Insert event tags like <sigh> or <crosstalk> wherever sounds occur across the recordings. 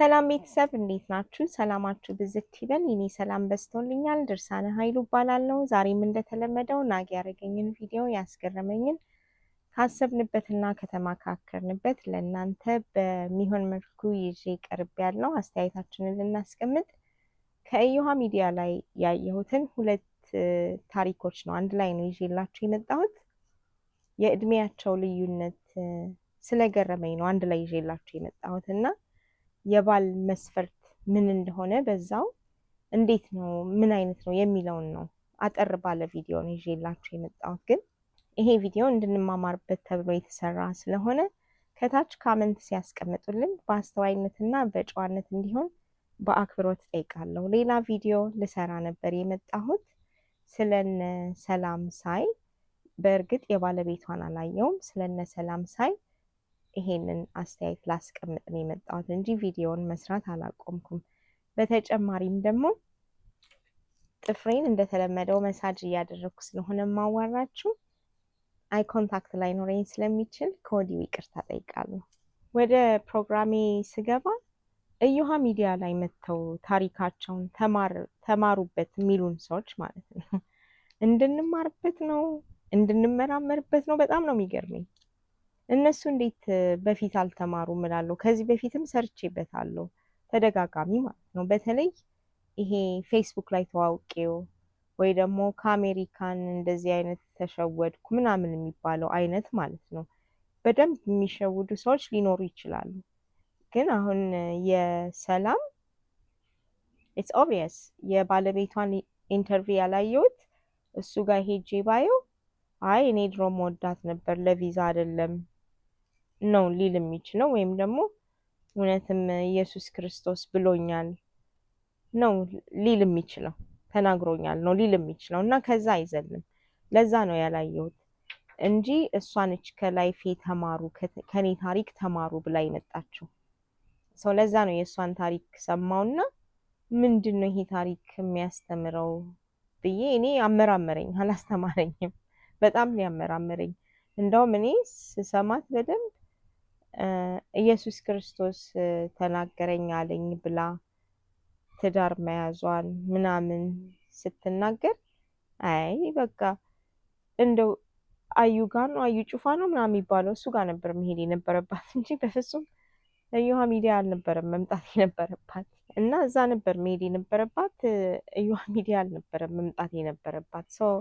ሰላም ቤተሰብ እንዴት ናችሁ? ሰላማችሁ ብዝት ይበል። እኔ ሰላም በዝቶልኛል። ድርሳነ ኃይሉ እባላለሁ። ዛሬም እንደተለመደው ናግ ያደረገኝን ቪዲዮ ያስገረመኝን ካሰብንበትና ከተማካከርንበት ለእናንተ በሚሆን መልኩ ይዤ ቀርብ ያለው አስተያየታችንን ልናስቀምጥ ከእዮሃ ሚዲያ ላይ ያየሁትን ሁለት ታሪኮች ነው አንድ ላይ ነው ይዤላችሁ የመጣሁት። የእድሜያቸው ልዩነት ስለገረመኝ ነው አንድ ላይ ይዤላችሁ የመጣሁት እና የባል መስፈርት ምን እንደሆነ በዛው እንዴት ነው ምን አይነት ነው የሚለውን ነው አጠር ባለ ቪዲዮ ነው ይዤላችሁ የመጣሁት። ግን ይሄ ቪዲዮ እንድንማማርበት ተብሎ የተሰራ ስለሆነ ከታች ካመንት ሲያስቀምጡልን በአስተዋይነትና በጨዋነት እንዲሆን በአክብሮት ጠይቃለሁ። ሌላ ቪዲዮ ልሰራ ነበር የመጣሁት ስለነ ሰላም ሳይ፣ በእርግጥ የባለቤቷን አላየውም። ስለነ ሰላም ሳይ ይሄንን አስተያየት ላስቀምጥ ነው የመጣሁት እንጂ ቪዲዮውን መስራት አላቆምኩም። በተጨማሪም ደግሞ ጥፍሬን እንደተለመደው መሳጅ እያደረግኩ ስለሆነ ማዋራችሁ አይ ኮንታክት ኖረኝ ስለሚችል ከወዲሁ ይቅርታ ጠይቃለሁ። ወደ ፕሮግራሜ ስገባ እዩሃ ሚዲያ ላይ መጥተው ታሪካቸውን ተማሩበት የሚሉን ሰዎች ማለት ነው እንድንማርበት ነው እንድንመራመርበት ነው። በጣም ነው የሚገርመኝ። እነሱ እንዴት በፊት አልተማሩም እላለሁ። ከዚህ በፊትም ሰርቼበታለሁ ተደጋጋሚ ማለት ነው። በተለይ ይሄ ፌስቡክ ላይ ተዋውቄው ወይ ደግሞ ከአሜሪካን እንደዚህ አይነት ተሸወድኩ ምናምን የሚባለው አይነት ማለት ነው። በደንብ የሚሸውዱ ሰዎች ሊኖሩ ይችላሉ። ግን አሁን የሰላም ኢትስ ኦብቪየስ የባለቤቷን ኢንተርቪው ያላየሁት እሱ ጋር ሄጄ ባየው አይ እኔ ድሮ መወዳት ነበር ለቪዛ አይደለም ነው ሊል የሚችለው ወይም ደግሞ እውነትም ኢየሱስ ክርስቶስ ብሎኛል ነው ሊል የሚችለው ተናግሮኛል ነው ሊል የሚችለው እና ከዛ አይዘልም። ለዛ ነው ያላየሁት እንጂ እሷነች ከላይፌ ተማሩ ከኔ ታሪክ ተማሩ ብላ የመጣችው ሰው። ለዛ ነው የእሷን ታሪክ ሰማውና ምንድን ነው ይሄ ታሪክ የሚያስተምረው ብዬ እኔ አመራመረኝ። አላስተማረኝም፣ በጣም ሊያመራመረኝ እንደውም እኔ ስሰማት በደንብ ኢየሱስ ክርስቶስ ተናገረኝ አለኝ ብላ ትዳር መያዟን ምናምን ስትናገር አይ በቃ እንደው አዩ ጋ ነው አዩ ጩፋ ነው ምናምን የሚባለው እሱ ጋር ነበር መሄድ የነበረባት እንጂ በፍጹም እዮሃ ሚዲያ አልነበረም መምጣት የነበረባት እና እዛ ነበር መሄድ የነበረባት። እዮሃ ሚዲያ አልነበረም መምጣት የነበረባት። ሰው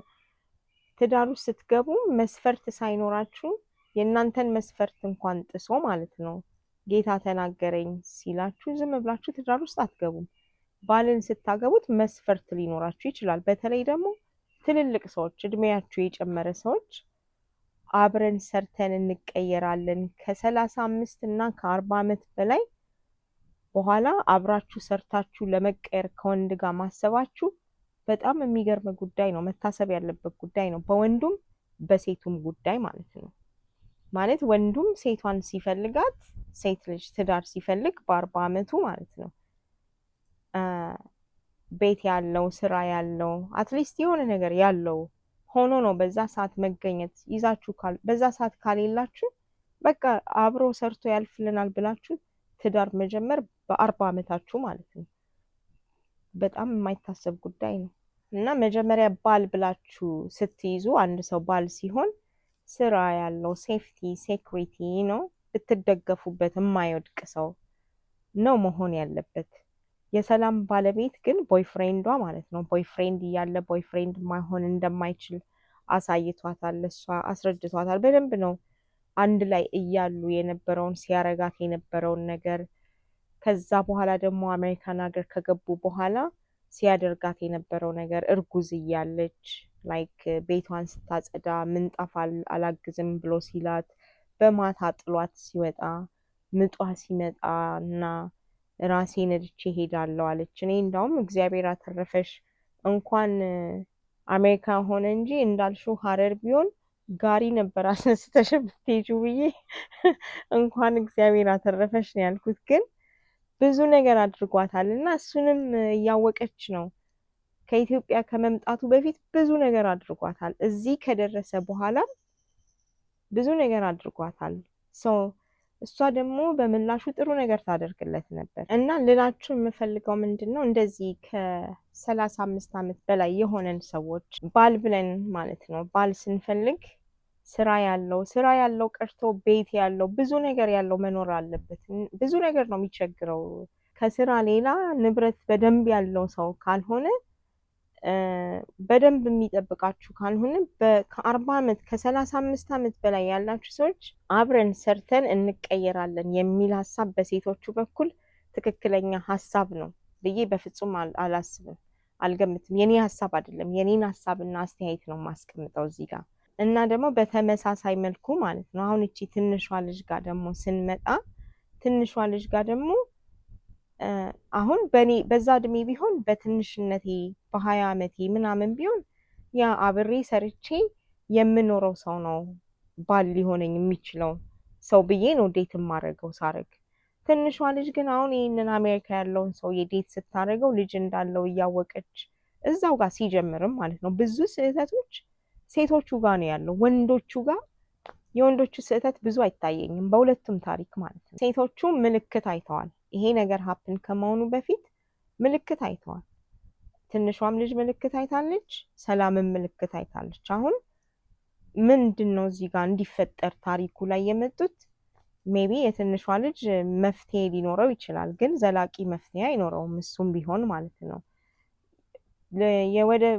ትዳሩ ስትገቡ መስፈርት ሳይኖራችሁ የእናንተን መስፈርት እንኳን ጥሶ ማለት ነው ጌታ ተናገረኝ ሲላችሁ ዝም ብላችሁ ትዳር ውስጥ አትገቡም። ባልን ስታገቡት መስፈርት ሊኖራችሁ ይችላል። በተለይ ደግሞ ትልልቅ ሰዎች፣ እድሜያችሁ የጨመረ ሰዎች አብረን ሰርተን እንቀየራለን ከሰላሳ አምስት እና ከአርባ ዓመት በላይ በኋላ አብራችሁ ሰርታችሁ ለመቀየር ከወንድ ጋር ማሰባችሁ በጣም የሚገርም ጉዳይ ነው። መታሰብ ያለበት ጉዳይ ነው። በወንዱም በሴቱም ጉዳይ ማለት ነው። ማለት ወንዱም ሴቷን ሲፈልጋት ሴት ልጅ ትዳር ሲፈልግ በአርባ አመቱ ማለት ነው ቤት ያለው ስራ ያለው አትሊስት የሆነ ነገር ያለው ሆኖ ነው በዛ ሰዓት መገኘት ይዛችሁ በዛ ሰዓት ካሌላችሁ በቃ አብሮ ሰርቶ ያልፍልናል ብላችሁ ትዳር መጀመር በአርባ አመታችሁ ማለት ነው። በጣም የማይታሰብ ጉዳይ ነው እና መጀመሪያ ባል ብላችሁ ስትይዙ አንድ ሰው ባል ሲሆን ስራ ያለው ሴፍቲ ሴኩሪቲ ነው። ብትደገፉበት የማይወድቅ ሰው ነው መሆን ያለበት። የሰላም ባለቤት ግን ቦይፍሬንዷ ማለት ነው። ቦይፍሬንድ እያለ ቦይፍሬንድ ማይሆን እንደማይችል አሳይቷታል። እሷ አስረድቷታል። በደንብ ነው አንድ ላይ እያሉ የነበረውን ሲያረጋት የነበረውን ነገር ከዛ በኋላ ደግሞ አሜሪካን ሀገር ከገቡ በኋላ ሲያደርጋት የነበረው ነገር እርጉዝ እያለች ላይክ ቤቷን ስታጸዳ ምንጣፍ አላግዝም ብሎ ሲላት በማታ ጥሏት ሲወጣ ምጧ ሲመጣ እና ራሴ ነድቼ ሄዳለሁ አለች። እኔ እንዳውም እግዚአብሔር አተረፈሽ እንኳን አሜሪካ ሆነ እንጂ እንዳልሹ ሀረር ቢሆን ጋሪ ነበር አስነስተሽ ብትሄጂው ብዬ <laughs> እንኳን እግዚአብሔር አተረፈሽ ነው ያልኩት። ግን ብዙ ነገር አድርጓታል እና እሱንም እያወቀች ነው ከኢትዮጵያ ከመምጣቱ በፊት ብዙ ነገር አድርጓታል። እዚህ ከደረሰ በኋላ ብዙ ነገር አድርጓታል። እሷ ደግሞ በምላሹ ጥሩ ነገር ታደርግለት ነበር እና ልላችሁ የምፈልገው ምንድን ነው እንደዚህ ከሰላሳ አምስት ዓመት በላይ የሆነን ሰዎች ባል ብለን ማለት ነው ባል ስንፈልግ ስራ ያለው ስራ ያለው ቀርቶ ቤት ያለው ብዙ ነገር ያለው መኖር አለበት። ብዙ ነገር ነው የሚቸግረው። ከስራ ሌላ ንብረት በደንብ ያለው ሰው ካልሆነ በደንብ የሚጠብቃችሁ ካልሆነ ከአርባ ዓመት ከሰላሳ አምስት ዓመት በላይ ያላችሁ ሰዎች አብረን ሰርተን እንቀየራለን የሚል ሀሳብ በሴቶቹ በኩል ትክክለኛ ሀሳብ ነው ብዬ በፍጹም አላስብም፣ አልገምትም። የኔ ሀሳብ አይደለም፣ የኔን ሀሳብና አስተያየት ነው ማስቀምጠው እዚህ ጋር እና ደግሞ በተመሳሳይ መልኩ ማለት ነው። አሁን እቺ ትንሿ ልጅ ጋር ደግሞ ስንመጣ ትንሿ ልጅ ጋር ደግሞ አሁን በእኔ በዛ እድሜ ቢሆን በትንሽነቴ በሀያ አመቴ ምናምን ቢሆን ያ አብሬ ሰርቼ የምኖረው ሰው ነው ባል ሊሆነኝ የሚችለው ሰው ብዬ ነው ዴት የማደርገው ሳረግ። ትንሿ ልጅ ግን አሁን ይህንን አሜሪካ ያለውን ሰው ዴት ስታደርገው ልጅ እንዳለው እያወቀች እዛው ጋር ሲጀምርም ማለት ነው ብዙ ስህተቶች ሴቶቹ ጋር ነው ያለው፣ ወንዶቹ ጋር የወንዶቹ ስህተት ብዙ አይታየኝም፣ በሁለቱም ታሪክ ማለት ነው። ሴቶቹ ምልክት አይተዋል። ይሄ ነገር ሀፕን ከመሆኑ በፊት ምልክት አይተዋል። ትንሿም ልጅ ምልክት አይታለች፣ ሰላምም ምልክት አይታለች። አሁን ምንድን ነው እዚህ ጋር እንዲፈጠር ታሪኩ ላይ የመጡት? ሜቢ የትንሿ ልጅ መፍትሄ ሊኖረው ይችላል፣ ግን ዘላቂ መፍትሄ አይኖረውም። እሱም ቢሆን ማለት ነው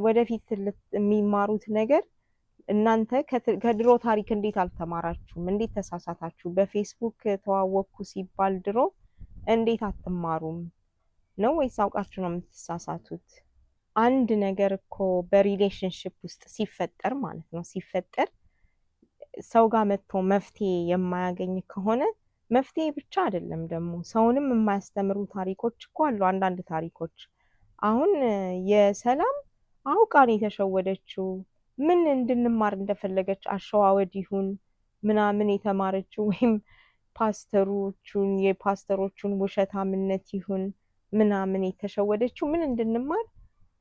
ወደፊት የሚማሩት ነገር እናንተ ከድሮ ታሪክ እንዴት አልተማራችሁም? እንዴት ተሳሳታችሁ? በፌስቡክ ተዋወቅኩ ሲባል ድሮ እንዴት አትማሩም ነው ወይስ አውቃችሁ ነው የምትሳሳቱት? አንድ ነገር እኮ በሪሌሽንሽፕ ውስጥ ሲፈጠር ማለት ነው ሲፈጠር ሰው ጋር መጥቶ መፍትሄ የማያገኝ ከሆነ መፍትሄ ብቻ አይደለም ደግሞ ሰውንም የማያስተምሩ ታሪኮች እኮ አሉ። አንዳንድ ታሪኮች አሁን የሰላም አውቃን የተሸወደችው ምን እንድንማር እንደፈለገች አሸዋወድ ይሁን ምናምን የተማረችው ወይም ፓስተሮቹን የፓስተሮቹን ውሸታምነት ይሁን ምናምን የተሸወደችው ምን እንድንማር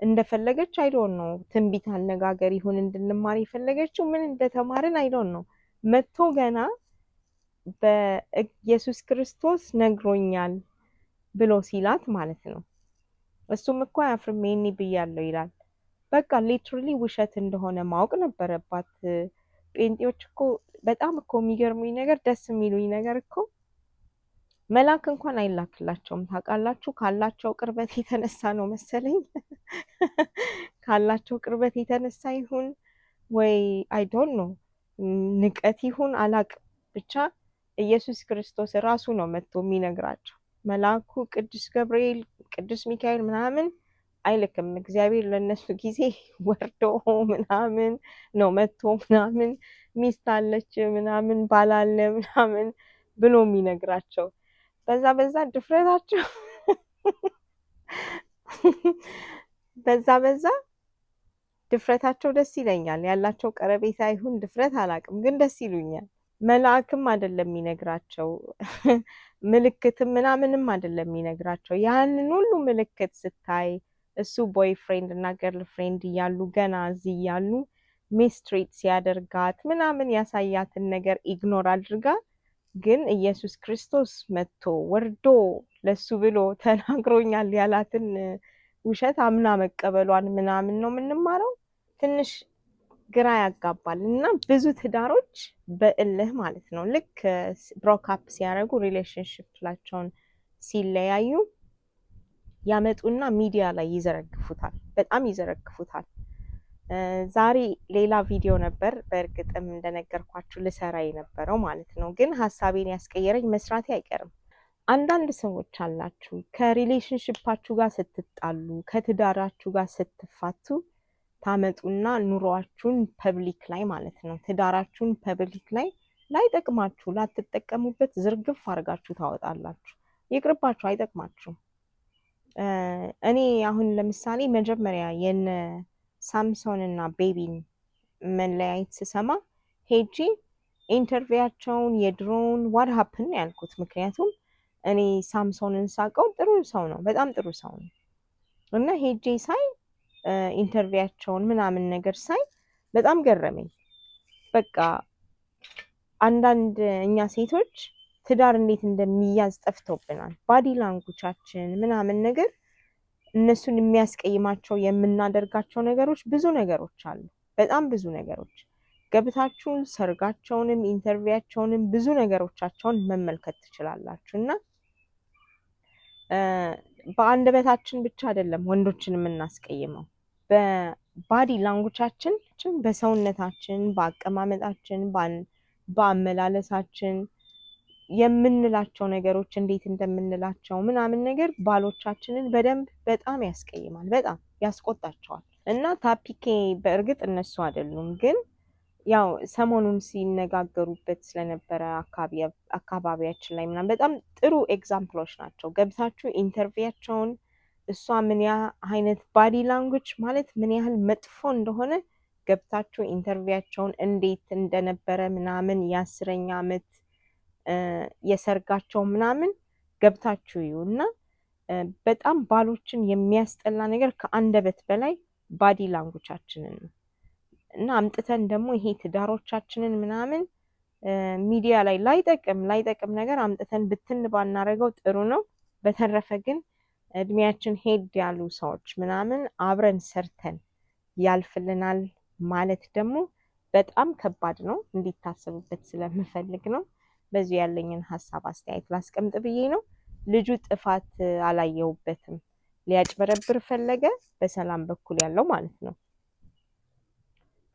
እንደፈለገች አይዶን ነው። ትንቢት አነጋገር ይሁን እንድንማር የፈለገችው ምን እንደተማርን አይዶን ነው። መጥቶ ገና በኢየሱስ ክርስቶስ ነግሮኛል ብሎ ሲላት ማለት ነው። እሱም እኮ አያፍርም ይሄኔ ይላል። በቃ ሊትራሊ ውሸት እንደሆነ ማወቅ ነበረባት። ጴንጤዎች እኮ በጣም እኮ የሚገርሙኝ ነገር ደስ የሚሉኝ ነገር እኮ መላክ እንኳን አይላክላቸውም። ታውቃላችሁ፣ ካላቸው ቅርበት የተነሳ ነው መሰለኝ <laughs> ካላቸው ቅርበት የተነሳ ይሁን ወይ አይዶን ነው ንቀት ይሁን አላቅ፣ ብቻ ኢየሱስ ክርስቶስ ራሱ ነው መጥቶ የሚነግራቸው። መልአኩ ቅዱስ ገብርኤል፣ ቅዱስ ሚካኤል ምናምን አይልክም። እግዚአብሔር ለእነሱ ጊዜ <laughs> ወርዶ ምናምን ነው መጥቶ ምናምን ሚስት አለች ምናምን ባላለ ምናምን ብሎ የሚነግራቸው በዛ በዛ ድፍረታቸው <laughs> በዛ በዛ ድፍረታቸው ደስ ይለኛል። ያላቸው ቀረቤታ ይሁን ድፍረት አላቅም፣ ግን ደስ ይሉኛል። መልአክም አይደለም የሚነግራቸው <laughs> ምልክትም ምናምንም አይደለም የሚነግራቸው። ያንን ሁሉ ምልክት ስታይ እሱ ቦይ ፍሬንድ እና ገርል ፍሬንድ እያሉ ገና እዚህ እያሉ ሚስትሪት ሲያደርጋት ምናምን ያሳያትን ነገር ኢግኖር አድርጋ ግን ኢየሱስ ክርስቶስ መጥቶ ወርዶ ለሱ ብሎ ተናግሮኛል ያላትን ውሸት አምና መቀበሏን ምናምን ነው የምንማረው። ትንሽ ግራ ያጋባል እና ብዙ ትዳሮች በእልህ ማለት ነው ልክ ብሮክ አፕ ሲያደርጉ ሲለያዩ ያመጡና ሚዲያ ላይ ይዘረግፉታል፣ በጣም ይዘረግፉታል። ዛሬ ሌላ ቪዲዮ ነበር በእርግጥም እንደነገርኳችሁ ልሰራ የነበረው ማለት ነው። ግን ሀሳቤን ያስቀየረኝ መስራቴ አይቀርም። አንዳንድ ሰዎች አላችሁ ከሪሌሽንሽፓችሁ ጋር ስትጣሉ፣ ከትዳራችሁ ጋር ስትፋቱ ታመጡና ኑሯችሁን ፐብሊክ ላይ ማለት ነው ትዳራችሁን ፐብሊክ ላይ ላይጠቅማችሁ ላትጠቀሙበት ዝርግፍ አድርጋችሁ ታወጣላችሁ። ይቅርባችሁ፣ አይጠቅማችሁም። እኔ አሁን ለምሳሌ መጀመሪያ የነ ሳምሶን እና ቤቢን መለያየት ስሰማ ሄጂ ኢንተርቪያቸውን የድሮውን ዋድ ሀፕን ያልኩት። ምክንያቱም እኔ ሳምሶንን ሳቀው ጥሩ ሰው ነው፣ በጣም ጥሩ ሰው ነው እና ሄጂ ሳይ ኢንተርቪያቸውን ምናምን ነገር ሳይ በጣም ገረመኝ። በቃ አንዳንድ እኛ ሴቶች ትዳር እንዴት እንደሚያዝ ጠፍቶብናል። ባዲ ላንጉቻችን ምናምን ነገር እነሱን የሚያስቀይማቸው የምናደርጋቸው ነገሮች ብዙ ነገሮች አሉ። በጣም ብዙ ነገሮች ገብታችሁ ሰርጋቸውንም ኢንተርቪያቸውንም ብዙ ነገሮቻቸውን መመልከት ትችላላችሁ። እና በአንደበታችን ብቻ አይደለም ወንዶችን የምናስቀይመው፣ በባዲ ላንጉቻችን፣ በሰውነታችን፣ በአቀማመጣችን፣ በአመላለሳችን የምንላቸው ነገሮች እንዴት እንደምንላቸው ምናምን ነገር ባሎቻችንን በደንብ በጣም ያስቀይማል፣ በጣም ያስቆጣቸዋል። እና ታፒኬ በእርግጥ እነሱ አይደሉም፣ ግን ያው ሰሞኑን ሲነጋገሩበት ስለነበረ አካባቢያችን ላይ ምናምን በጣም ጥሩ ኤግዛምፕሎች ናቸው። ገብታችሁ ኢንተርቪያቸውን እሷ ምን ያ አይነት ባዲ ላንጉጅ ማለት ምን ያህል መጥፎ እንደሆነ ገብታችሁ ኢንተርቪያቸውን እንዴት እንደነበረ ምናምን የአስረኛ ዓመት የሰርጋቸው ምናምን ገብታችሁ እዩ እና በጣም ባሎችን የሚያስጠላ ነገር ከአንደበት በላይ ባዲ ላንጉቻችንን ነው እና አምጥተን ደግሞ ይሄ ትዳሮቻችንን ምናምን ሚዲያ ላይ ላይጠቅም ላይጠቅም ነገር አምጥተን ብትን ባናረገው ጥሩ ነው። በተረፈ ግን እድሜያችን ሄድ ያሉ ሰዎች ምናምን አብረን ሰርተን ያልፍልናል ማለት ደግሞ በጣም ከባድ ነው። እንዲታሰቡበት ስለምፈልግ ነው። በዚሁ ያለኝን ሀሳብ አስተያየት ላስቀምጥ ብዬ ነው። ልጁ ጥፋት አላየውበትም። ሊያጭበረብር ፈለገ፣ በሰላም በኩል ያለው ማለት ነው።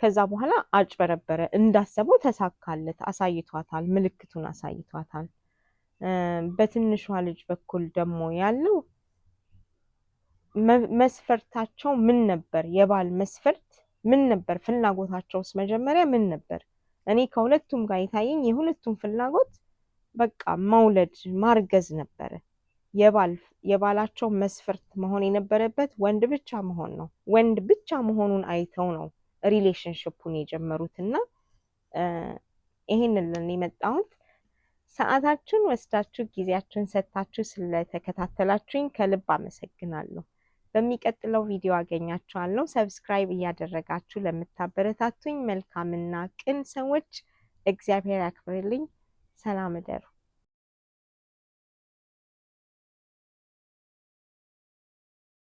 ከዛ በኋላ አጭበረበረ። እንዳሰበው ተሳካለት። አሳይቷታል፣ ምልክቱን አሳይቷታል። በትንሿ ልጅ በኩል ደግሞ ያለው መስፈርታቸው ምን ነበር? የባል መስፈርት ምን ነበር? ፍላጎታቸውስ መጀመሪያ ምን ነበር? እኔ ከሁለቱም ጋር የታየኝ የሁለቱም ፍላጎት በቃ መውለድ ማርገዝ ነበረ። የባላቸው መስፈርት መሆን የነበረበት ወንድ ብቻ መሆን ነው። ወንድ ብቻ መሆኑን አይተው ነው ሪሌሽንሽፑን የጀመሩት እና ይሄንን ልን የመጣሁት ሰዓታችሁን ወስዳችሁ ጊዜያችሁን ሰጥታችሁ ስለተከታተላችሁኝ ከልብ አመሰግናለሁ። በሚቀጥለው ቪዲዮ አገኛችኋለሁ። ሰብስክራይብ እያደረጋችሁ ለምታበረታቱኝ መልካምና ቅን ሰዎች እግዚአብሔር ያክብርልኝ። ሰላም እደሩ።